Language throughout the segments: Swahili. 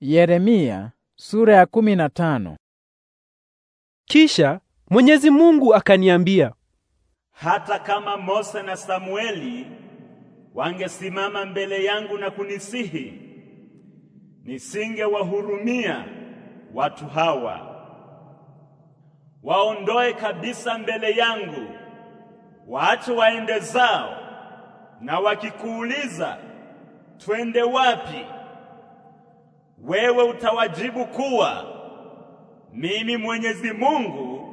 Yeremia sura ya kumi na tano. Kisha Mwenyezi Mungu akaniambia, hata kama Mose na Samueli wangesimama mbele yangu na kunisihi, nisingewahurumia watu hawa. Waondoe kabisa mbele yangu, waache waende zao, na wakikuuliza twende wapi wewe utawajibu kuwa mimi Mwenyezi Mungu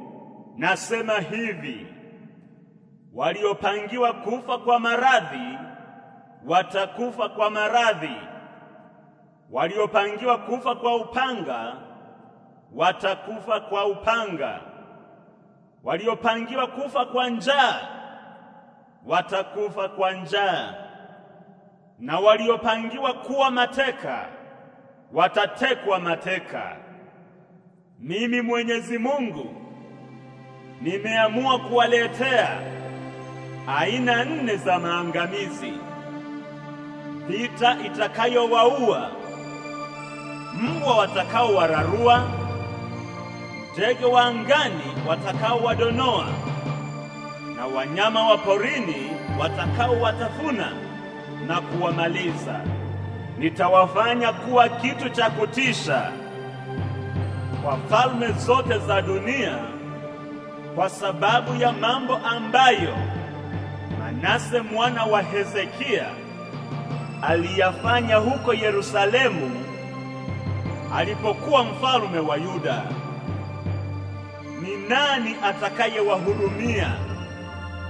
nasema hivi: waliopangiwa kufa kwa maradhi watakufa kwa maradhi, waliopangiwa kufa kwa upanga watakufa kwa upanga, waliopangiwa kufa kwa njaa watakufa kwa njaa, na waliopangiwa kuwa mateka watatekwa mateka. Mimi Mwenyezi Mungu nimeamua kuwaletea aina nne za maangamizi, vita itakayowaua, mbwa watakaowararua, ndege wa angani watakaowadonoa, na wanyama wa porini watakaowatafuna na kuwamaliza nitawafanya kuwa kitu cha kutisha kwa falme zote za dunia kwa sababu ya mambo ambayo Manase mwana wa Hezekia aliyafanya huko Yerusalemu alipokuwa mfalme wa Yuda. Ni nani atakayewahurumia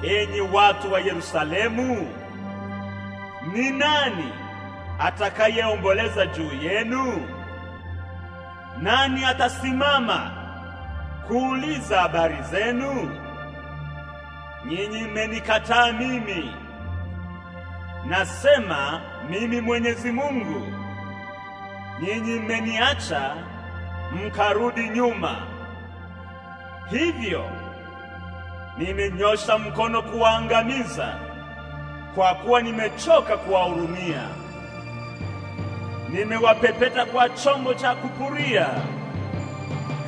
enyi watu wa Yerusalemu? Ni nani atakayeomboleza juu yenu? Nani atasimama kuuliza habari zenu? Nyinyi mmenikataa mimi, nasema mimi Mwenyezi Mungu. Nyinyi mmeniacha mkarudi nyuma, hivyo nimenyosha mkono kuwaangamiza, kwa kuwa nimechoka kuwahurumia nimewapepeta kwa chombo cha kupuria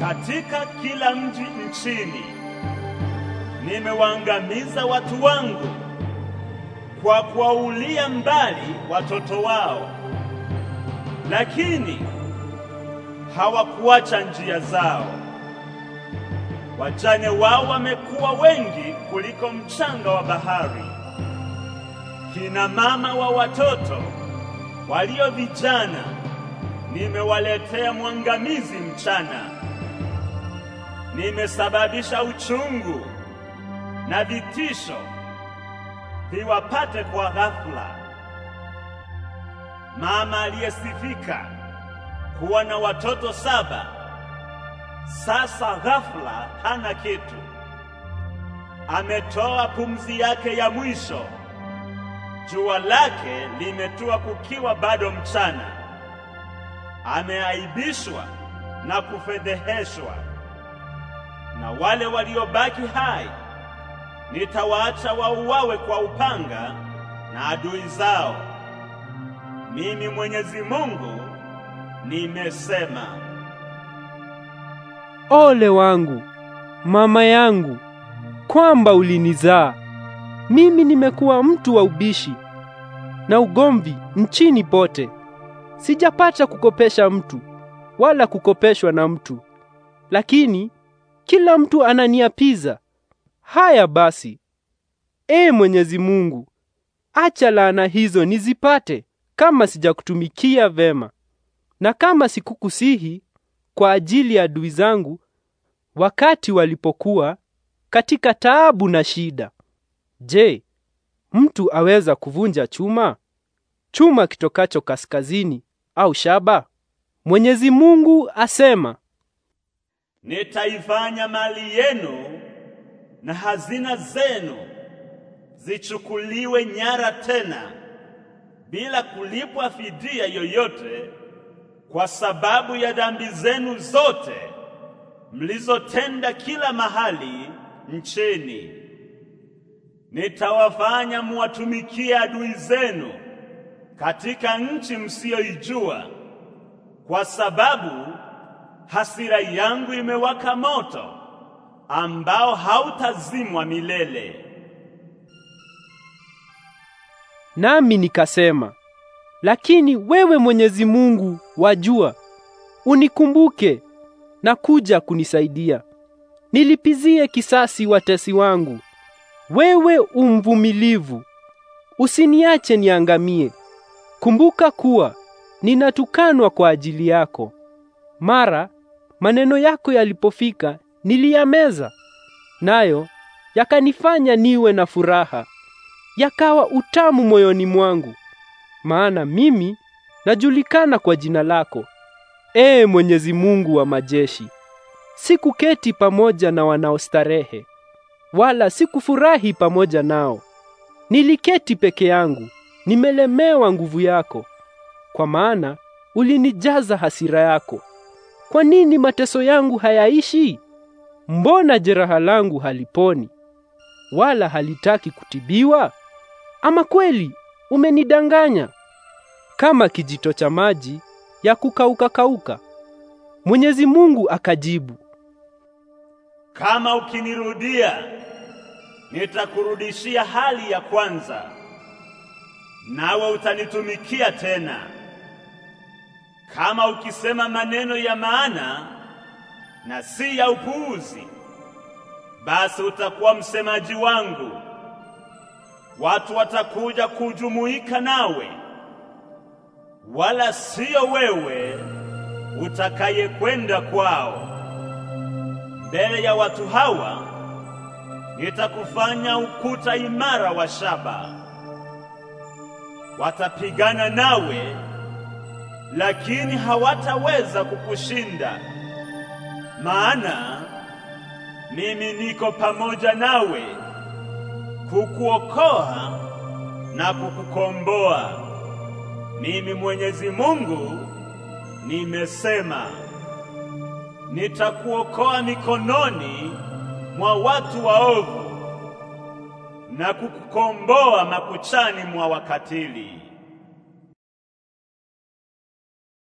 katika kila mji nchini. Nimewaangamiza watu wangu kwa kuwaulia mbali watoto wao, lakini hawakuacha njia zao. Wajane wao wamekuwa wengi kuliko mchanga wa bahari, kina mama wa watoto Walio vijana nimewaletea mwangamizi mchana, nimesababisha uchungu na vitisho viwapate kwa ghafula. Mama aliyesifika kuwa na watoto saba sasa ghafula hana kitu, ametoa pumzi yake ya mwisho jua lake limetua kukiwa bado mchana. Ameaibishwa na kufedheheshwa. Na wale waliobaki hai nitawaacha wauawe kwa upanga na adui zao. Mimi Mwenyezi Mungu nimesema. Ole wangu mama yangu kwamba ulinizaa. Mimi nimekuwa mtu wa ubishi na ugomvi nchini pote. Sijapata kukopesha mtu wala kukopeshwa na mtu, lakini kila mtu ananiapiza. Haya basi, Ee Mwenyezi Mungu, acha laana hizo nizipate kama sijakutumikia vema na kama sikukusihi kwa ajili ya adui zangu wakati walipokuwa katika taabu na shida. Je, mtu aweza kuvunja chuma? Chuma kitokacho kaskazini au shaba? Mwenyezi Mungu asema, nitaifanya mali yenu na hazina zenu zichukuliwe nyara tena bila kulipwa fidia yoyote kwa sababu ya dhambi zenu zote mlizotenda kila mahali nchini nitawafanya muwatumikie adui zenu katika nchi msiyoijua, kwa sababu hasira yangu imewaka moto ambao hautazimwa milele. Nami nikasema, lakini wewe Mwenyezi Mungu wajua, unikumbuke na kuja kunisaidia, nilipizie kisasi watesi wangu. Wewe umvumilivu, usiniache niangamie. Kumbuka kuwa ninatukanwa kwa ajili yako. Mara maneno yako yalipofika, niliyameza nayo yakanifanya niwe na furaha, yakawa utamu moyoni mwangu, maana mimi najulikana kwa jina lako, Ee Mwenyezi Mungu wa majeshi. Sikuketi pamoja na wanaostarehe, wala sikufurahi pamoja nao. Niliketi peke yangu, nimelemewa nguvu yako, kwa maana ulinijaza hasira yako. Kwa nini mateso yangu hayaishi? Mbona jeraha langu haliponi, wala halitaki kutibiwa? Ama kweli umenidanganya kama kijito cha maji ya kukauka kauka. Mwenyezi Mungu akajibu kama ukinirudia nitakurudishia hali ya kwanza, nawe utanitumikia tena. Kama ukisema maneno ya maana na si ya upuuzi, basi utakuwa msemaji wangu. Watu watakuja kujumuika nawe, wala siyo wewe utakayekwenda kwao mbele ya watu hawa nitakufanya ukuta imara wa shaba. Watapigana nawe, lakini hawataweza kukushinda, maana mimi niko pamoja nawe kukuokoa na kukukomboa. Mimi Mwenyezi Mungu nimesema nitakuokoa mikononi mwa watu waovu na kukukomboa makuchani mwa wakatili.